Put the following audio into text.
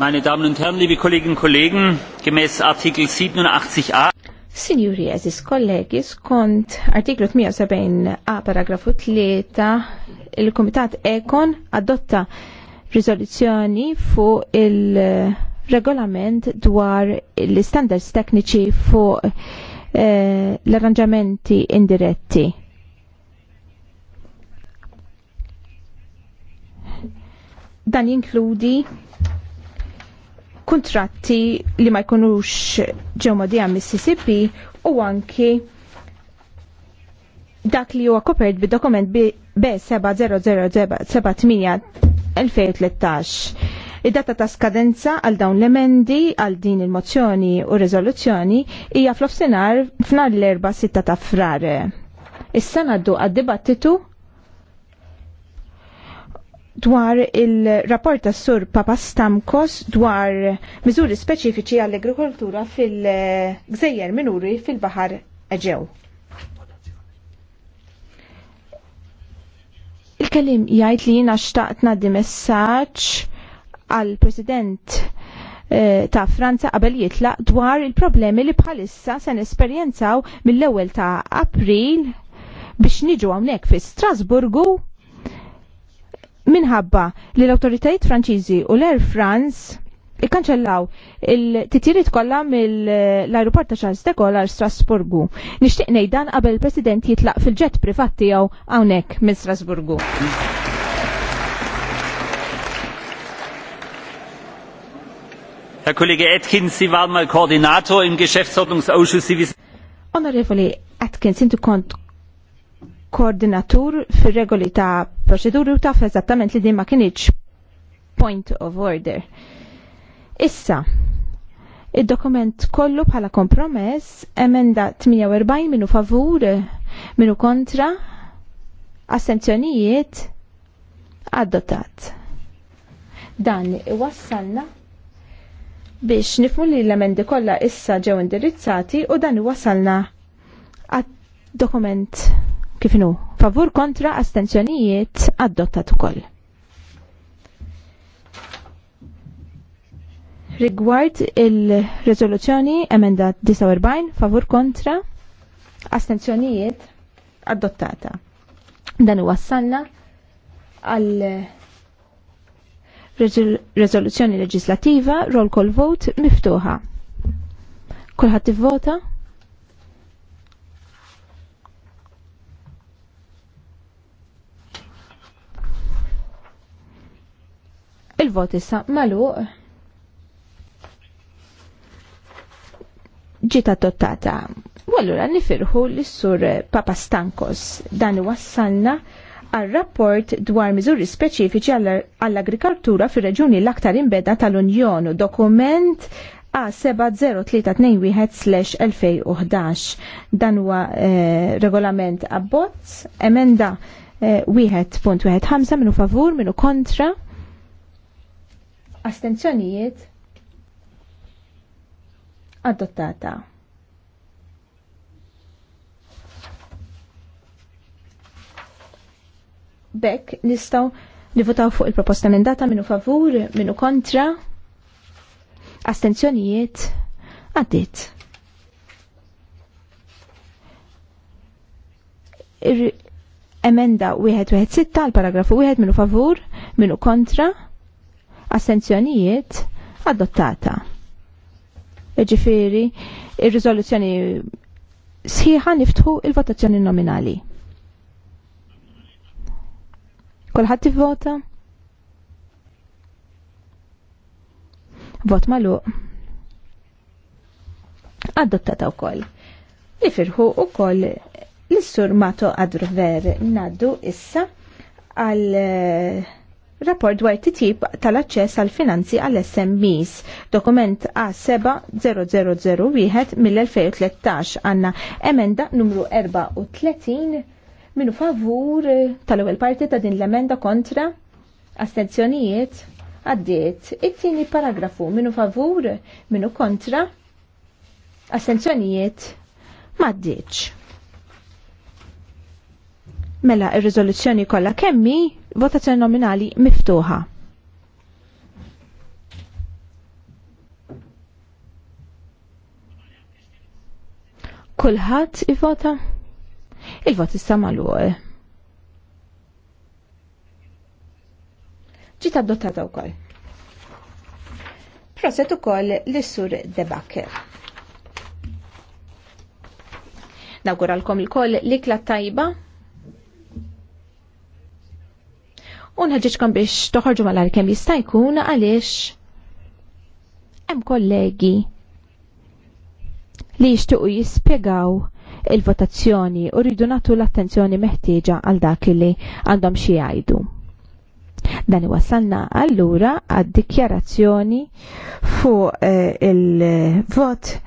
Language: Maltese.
Meine Damen und Herren, liebe Kolleginnen und Kollegen, gemäß Artikel 87a Sinjuri esis kollegi, skont artiklu 170a paragrafu 3 il-Komitat Ekon adotta risoluzzjoni fuq il-regolament dwar l-standards tekniċi fuq eh, l-arranġamenti indiretti. Dan jinkludi kontratti li ma jkunux ġew modija Mississippi u anki dak li huwa kopert bid-dokument B700078-2013. Id-data ta' skadenza għal dawn l-emendi għal din il-mozzjoni u rezoluzzjoni hija fl-ofsinar f'nar l erba sitta ta' frare. Issa ddu għad-dibattitu dwar il-rapport tas sur Papa Stamkos dwar miżuri speċifiċi għall-agrikoltura fil-gżejjer minuri fil-Bahar Eġew. Il-kelim jgħid li jiena xtaqt di messaġġ għall-President eh, ta' Franza qabel jitlaq dwar il-problemi li bħalissa se nesperjenzaw mill-ewwel ta' April biex niġu hawnhekk fi Strasburgu minħabba li l-autoritajiet Franċiżi u l-Air France ikkanċellaw il titirit kolla mill-aeroport ta' Charles de Gaulle għal Strasburgu. Nishtiq nejdan dan qabel il-President jitlaq fil ġet privat tiegħu hawnhekk minn Strasburgu. Herr Kollege Atkins, Sie waren mal Koordinator im Geschäftsordnungsausschuss. Sie wissen. Honorevoli Atkins, sind du Koordinator für regoli ta' proċeduri u taf eżattament li din ma kienieċ point of order. Issa, id-dokument kollu bħala kompromess, emenda 48 minu favur, minu kontra, assenzjonijiet, adottat. Dan wassalna biex nifmu li l-emendi kollha issa ġew indirizzati u dan wasalna għad dokument kif favur kontra astenzjonijiet adottat ukoll. Rigward il-rezoluzzjoni emenda 49 favur kontra astenzjonijiet adottata. Dan għassanna għal rezoluzzjoni legislativa roll call vote miftuħa. Kulħadd vota Il-vot issa maluq. Ġita tottata. U allura nifirħu l-sur Papa Stankos dan wassalna għal rapport dwar miżuri speċifiċi għall-agrikoltura fir reġuni l-aktar imbeda tal-Unjonu, dokument A70321-2011. Dan huwa eh, regolament abbozz, emenda eh, minu favur, minu kontra, astenzjonijiet adottata. Bekk nistaw nivotaw fuq il-proposta emendata minu favur, minu kontra, astenzjonijiet għaddit. Emenda 116 għal paragrafu 1 minu favur, minu kontra, assenzjonijiet adottata. Eġifiri, il-rizoluzzjoni sħiħa niftħu il-votazzjoni nominali. Kolħat vota? Vot malu. Adottata u koll. Ifirħu u koll l-sur mato għadru ver naddu issa għal eh, Rapport dwar titjib tal-aċċess għal finanzi għall smis dokument a wieħed mill-2013 għanna emenda numru 34 minu favur tal-ewwel parti ta' din l-emenda kontra astenzjonijiet għaddiet. It-tieni paragrafu minu favur minu kontra astenzjonijiet maddiċ. Mela ir-riżoluzzjoni kollha kemmi votazzjoni nominali miftuħa. Kulħadd ivota? Il-vot issa magħluq. Ġiet adottata wkoll. Proset ukoll l-sur Debaker. Nawguralkom il-koll likla tajba unħħġiċkom biex toħorġu mal kem jista' jkun għaliex hemm kollegi li jixtiequ jispjegaw il-votazzjoni u rridu nagħtu l-attenzjoni meħtieġa għal dak li għandhom xi jgħidu. Dan wasalna allura għad dikjarazzjoni fuq eh, il-vot